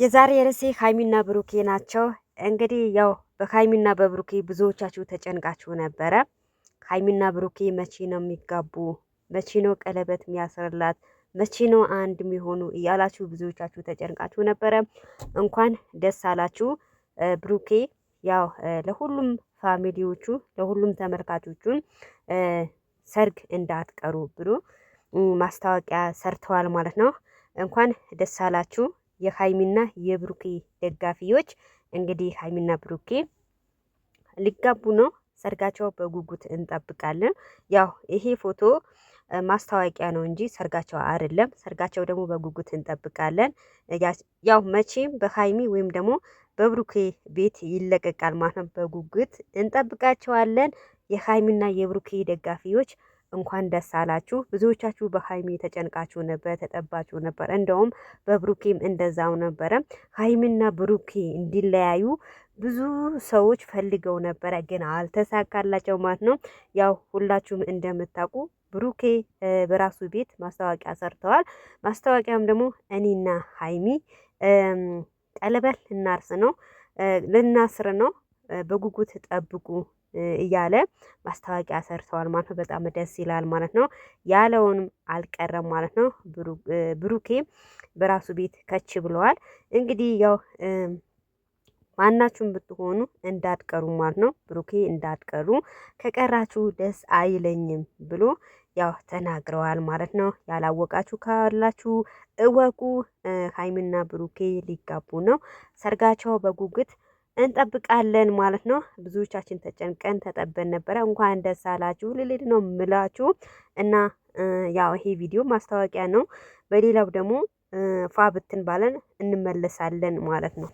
የዛሬ ርዕሴ ሀይሚና ብሩኬ ናቸው። እንግዲህ ያው በሀይሚና በብሩኬ ብዙዎቻችሁ ተጨንቃችሁ ነበረ። ሀይሚና ብሩኬ መቼ ነው የሚጋቡ? መቼ ነው ቀለበት የሚያስርላት? መቼ ነው አንድ የሚሆኑ እያላችሁ ብዙዎቻችሁ ተጨንቃችሁ ነበረ። እንኳን ደስ አላችሁ። ብሩኬ ያው ለሁሉም ፋሚሊዎቹ ለሁሉም ተመልካቾቹ ሰርግ እንዳትቀሩ ብሎ ማስታወቂያ ሰርተዋል ማለት ነው። እንኳን ደስ አላችሁ። የሀይሚና የብሩኬ ደጋፊዎች እንግዲህ ሀይሚና ብሩኬ ሊጋቡ ነው። ሰርጋቸው በጉጉት እንጠብቃለን። ያው ይሄ ፎቶ ማስታወቂያ ነው እንጂ ሰርጋቸው አይደለም። ሰርጋቸው ደግሞ በጉጉት እንጠብቃለን። ያው መቼም በሀይሚ ወይም ደግሞ በብሩኬ ቤት ይለቀቃል ማለት ነው። በጉጉት እንጠብቃቸዋለን። የሀይሚና የብሩኬ ደጋፊዎች እንኳን ደስ አላችሁ። ብዙዎቻችሁ በሀይሚ ተጨንቃችሁ ነበር፣ ተጠባችሁ ነበር። እንደውም በብሩኬም እንደዛው ነበረ። ሀይሚና ብሩኬ እንዲለያዩ ብዙ ሰዎች ፈልገው ነበረ፣ ግን አልተሳካላቸው ማለት ነው። ያው ሁላችሁም እንደምታውቁ ብሩኬ በራሱ ቤት ማስታወቂያ ሰርተዋል። ማስታወቂያም ደግሞ እኔና ሀይሚ ጠለበል ልናርስ ነው ልናስር ነው በጉጉት ጠብቁ እያለ ማስታወቂያ ሰርተዋል ማለት ነው። በጣም ደስ ይላል ማለት ነው። ያለውንም አልቀረም ማለት ነው። ብሩኬ በራሱ ቤት ከች ብለዋል። እንግዲህ ያው ማናችሁም ብትሆኑ እንዳትቀሩ ማለት ነው። ብሩኬ እንዳትቀሩ ከቀራችሁ ደስ አይለኝም ብሎ ያው ተናግረዋል ማለት ነው። ያላወቃችሁ ካላችሁ እወቁ። ሀይሚና ብሩኬ ሊጋቡ ነው። ሰርጋቸው በጉጉት እንጠብቃለን ማለት ነው። ብዙዎቻችን ተጨንቀን ተጠበን ነበረ። እንኳን ደስ አላችሁ ልልድ ነው ምላችሁ እና ያው ይሄ ቪዲዮ ማስታወቂያ ነው። በሌላው ደግሞ ፋብትን ባለን እንመለሳለን ማለት ነው።